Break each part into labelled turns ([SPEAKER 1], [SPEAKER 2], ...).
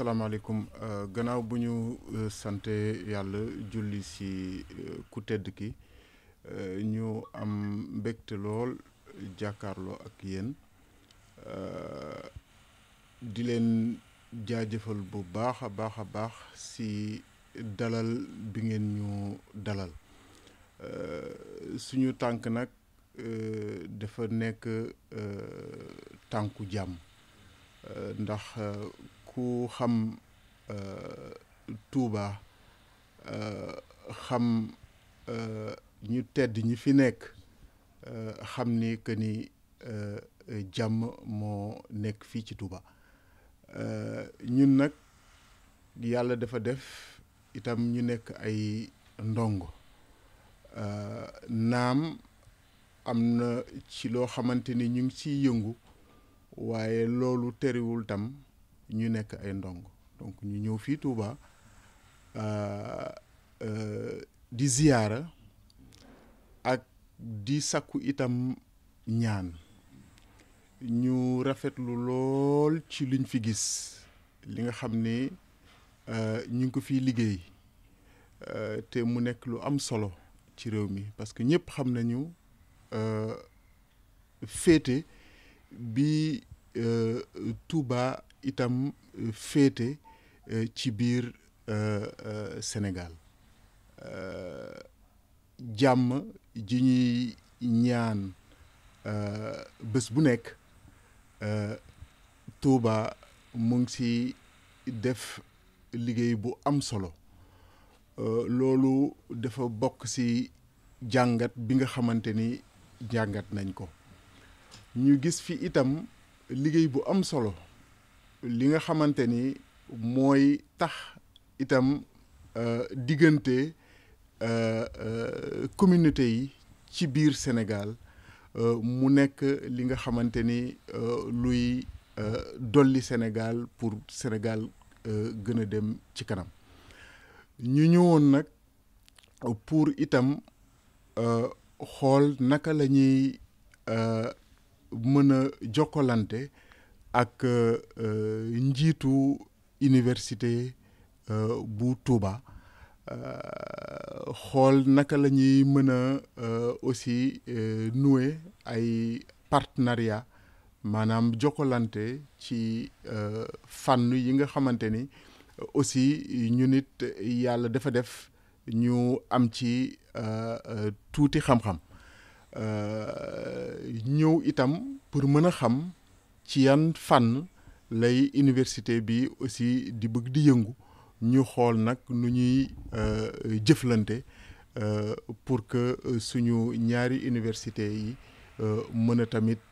[SPEAKER 1] salaamaaleykum euh, gannaaw bu ñu euh, sante yàlla julli si euh, ku tedd ki ñu am mbégte lool jàkkaarloo ak yéen di leen jaajëfal bu baax a baax a baax si dalal bi ngeen ñu dalal suñu tànk nag dafa nekk tànku jàmm ndax ku xam euh, Touba euh, xam euh, ñu tedd ñi fi nekk xam ni que ni jàmm moo nekk fii ci Touba ñun nag yàlla dafa def itam ñu nekk ay ndongo naam am na ci loo xamante ni ñu ngi ciy yëngu waaye loolu terewul tam. ñu nekk ay ndong donc ñu ñëw fii Touba euh, euh, di ziyaara ak di sakku itam ñaan ñu rafetlu lool ci liñ fi gis li nga xam ne euh, ñu ngi ko fiy liggéey te mu nekk lu am solo ci réew mi parce que ñëpp xam nañu féete bi Touba itam euh, féete euh, ci biir euh, Sénégal jàmm ji ñuy ñaan bés bu nekk Touba mu ngi ci def liggéey bu am solo loolu dafa bokk ci jàngat bi nga xamante ni jàngat nañ ko ñu gis fi itam liggéey bu am solo li nga xamante ni mooy tax itam euh, diggante euh, communauté yi ci biir Sénégal euh, mu nekk li nga xamante ni luy dolli Sénégal pour Sénégal gën a dem ci kanam ñu ñëwoon nag pour itam xool naka la ñuy mën a jokkalante ak euh, njiitu université euh, bu Touba euh, xool naka la ñuy mën a aussi nouer ay partenariat maanaam jokkalante ci fànn yi nga xamante ni aussi ñu nit yàlla defa def ñu am ci tuuti xam-xam ñëw itam pour mën a xam ci yan fànn lay université bi aussi di bëgg di yëngu ñu xool nag nu ñuy euh, jëflante euh, pour que euh, suñu ñaari université yi mën a tamit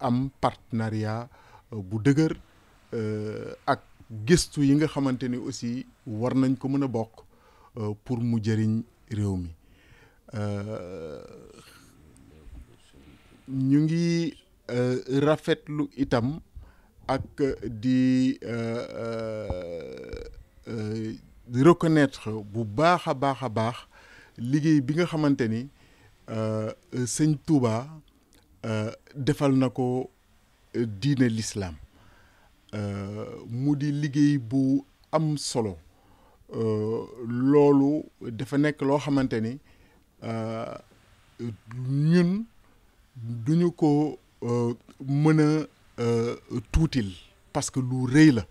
[SPEAKER 1] am partenariat bu dëgër ak gëstu yi nga xamante ni aussi war nañ ko mën a bokk pour mu jëriñ réew mi ñu ngi %e rafetlu itam ak di %e bu baax a baax a baax liggéey bi nga xamante ni %e sëñ Touba defal na ko diine lislaam %e mu di liggéey bu am solo loolu dafa nekk loo xamante ni ñun du ko Euh, mën a euh, tuutil parce que lu rëy la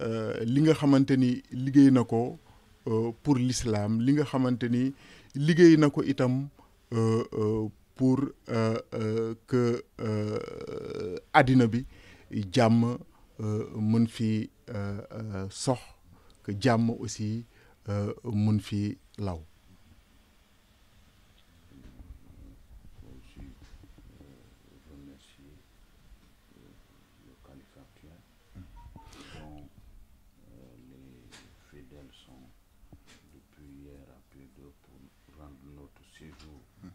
[SPEAKER 1] euh, li nga xamante ni liggéey na ko pour l'islam li nga xamante ni liggéey na ko itam pour que àddina bi jàmm mën fi sox que jàmm aussi mën fi law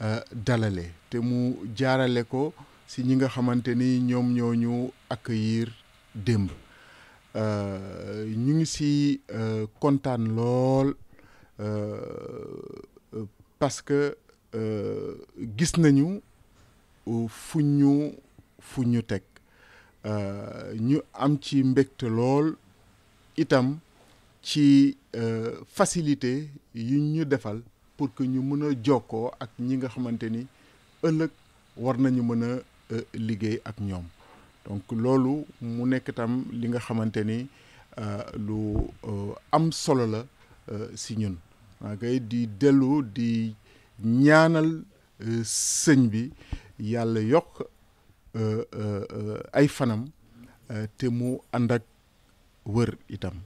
[SPEAKER 1] Euh, dalale te mu jaarale ko si ñi nga xamante ni ñoom ñoo ñu accueillir démb euh, ñu ngi si euh, kontaan lool parce que gis nañu fu ñu fu ñu teg ñu am ci mbégte lool itam ci facilité yu ñu defal pour que ñu mën a jokkoo ak ñi nga xamante ni ëllëg war nañu mën a euh, liggéey ak ñoom donc loolu mu nekk tam li nga xamante ni euh, lu euh, am solo la si ñun waa di dellu di ñaanal sëñ bi yàlla yokk ay fanam te mu ànd ak wër itam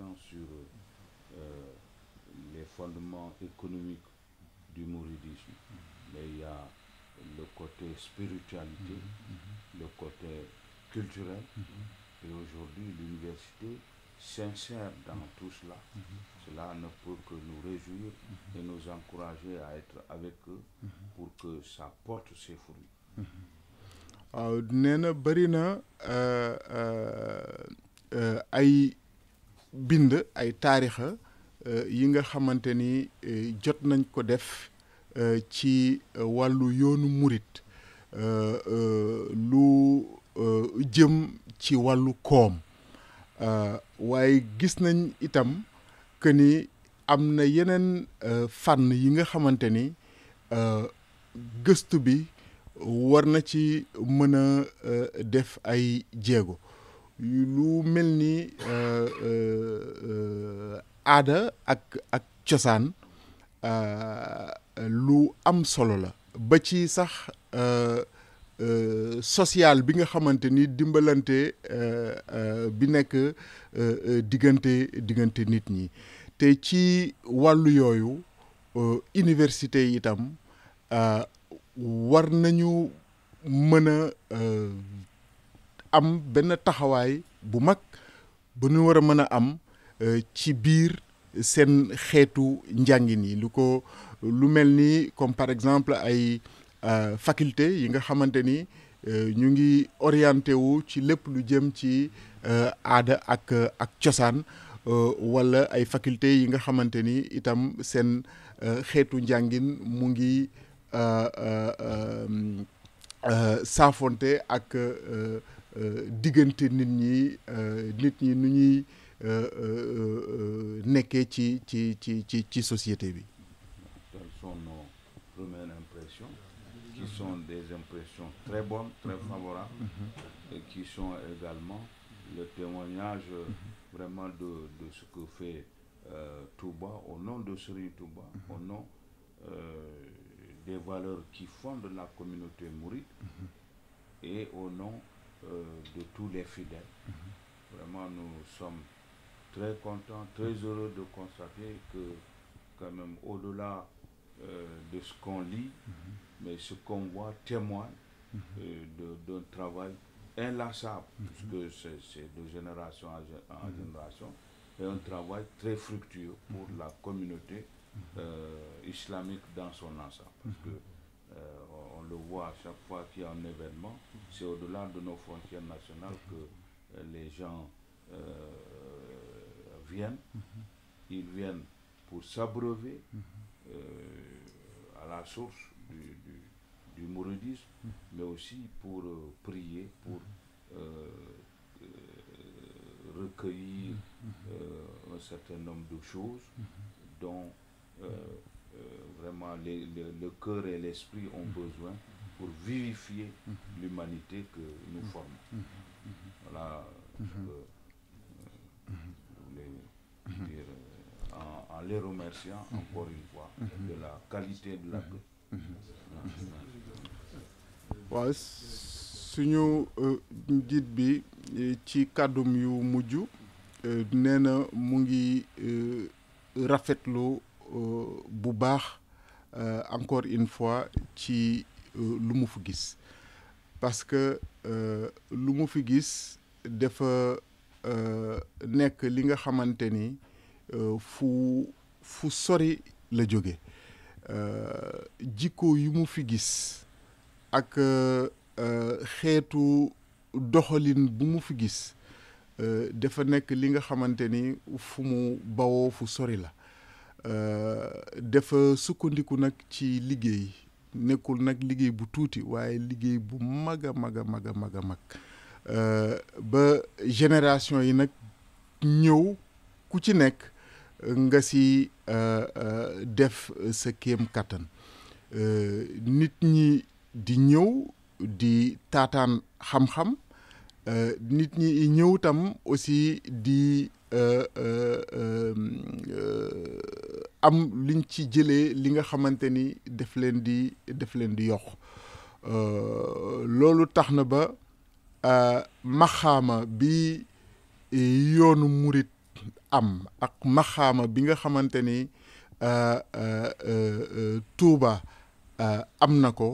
[SPEAKER 2] réflexion sur euh, les fondements économiques du mouridisme. Mais il y a le côté spiritualité, le côté culturel. Et aujourd'hui, l'université sincère dans tout cela. Cela ne peut que nous réjouir et nous encourager à être avec eux pour que ça porte ses fruits.
[SPEAKER 1] waaw ah, nee na bëri na euh, euh, euh, bind ay taarixa euh, yi nga xamante ni euh, jot nañ ko def euh, ci wàllu yoonu murit lu jëm ci wàllu koom waaye gis nañ itam que ni am na yeneen fànn yi nga xamante ni gëstu bi war na ci mën a def ay jéego lu mel ni euh, euh, euh, aada ak ak cosaan lu am solo la ba ci sax social bi nga xamante ni dimbalante bi nekk diggante diggante nit ñi te ci wàllu yooyu université itam war nañu mën a am benn taxawaay bu mag bu ñu war a mën a am euh, ci biir seen xeetu njàngin yi lu ko lu mel ni comme par exemple ay euh, faculté yi nga xamante ni euh, ñu ngi orienté wu ci lépp lu jëm ci aada ak ak cosaan walla ay faculté yi nga xamante ni itam seen xeetu njàngin mu ngi saafonte ak diggante nit ñi euh, nit ñi nu ñuy euh, euh, nekkee ci ci ci ci ci société bi.
[SPEAKER 2] Telles sont nos premières impressions, qui sont des impressions très bonnes, très mm-hmm. favorables, mm-hmm. et qui sont également le témoignage mm-hmm. vraiment de de ce que fait euh, Touba au nom de Serigne Touba, au nom euh, des valeurs qui fondent la communauté mouride et au nom Euh, de tous les fidèles. Mhm. Vraiment, nous sommes très contents, très mhm. heureux de constater que, quand même, au-delà euh, de ce qu'on lit, mm -hmm. mais ce qu'on voit témoigne mm -hmm. euh, d'un travail inlassable, mm -hmm. puisque c'est de génération en, mhm. génération, et un travail très fructueux pour la communauté euh, islamique dans son ensemble. Parce que euh, le voit à chaque fois qu'il y a un événement, mhm. c'est au-delà de nos frontières nationales que euh, les gens euh, viennent. Mhm. Ils viennent pour s'abreuver mhm. euh, à la source du, du, du mouridisme, mais aussi pour euh, prier, pour euh, euh, recueillir un certain nombre de choses dont Euh, vraiment les, les, le cœur et l'esprit ont mm-hmm. besoin pour vivifier mm-hmm. l'humanité que nous mm-hmm. formons. Voilà ce euh, euh, en, en les remerciant encore une fois de la qualité de l'accueil.
[SPEAKER 1] waaw suñu njiit bi ci kàddum yu mujj nee mu ngi rafetlu bu baax euh, encore une fois ci euh, lu mu fi gis parce que euh, lu mu fi gis dafa nekk li nga xamante ni fu fu sori la jóge jikko yu mu fi gis ak xeetu doxalin bu mu fi gis dafa nekk li nga xamante ni fu mu bawoo fu sori la Euh, dafa sukkandiku nag ci liggéey nekkul nag liggéey bu tuuti waaye liggéey bu mag a mag a mag a mag a mag euh, ba génération yi nag ñëw ku ci nekk nga ci euh, def sa kéem kattan nit ñi di ñëw di taataan xam-xam nit ñi ñëw tam aussi di am liñ ci jëlee li nga xamante ni daf leen di def leen di yokk euh, loolu tax na ba euh, maxaama bi eh, yoonu murit am ak maxaama bi nga xamante ni euh, Tuuba am na ko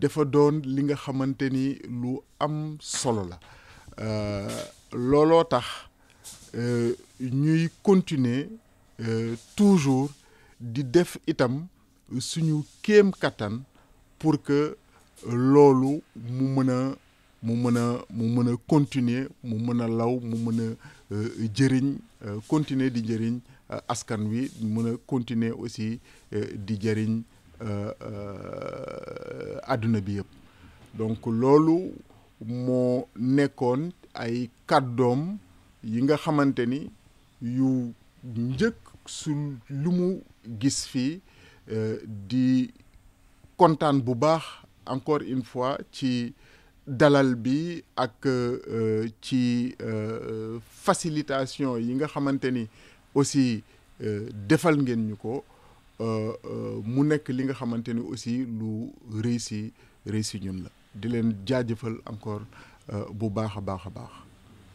[SPEAKER 1] dafa doon li nga xamante ni lu am solo la looloo tax ñuy continuer Euh, toujours di def itam suñu kéem kattan pour que loolu mu mën a mu mën a mu mën a continuer mu mën a law mu mën a euh, jëriñ euh, continuer di jëriñ askan wi mën a continuer aussi di jëriñ àdduna bi yëpp donc loolu moo nekkoon ay kàddoom yi nga xamante ni yu njëkk suñ lu mu gis fii euh, di kontaan bu baax encore une fois ci dalal bi ak euh, ci euh, facilitation yi nga xamante ni aussi defal ngeen ñu ko mu nekk li nga xamante ni aussi lu réussi réussi ñun la di leen jaajëfal encore bu baax a baax a baax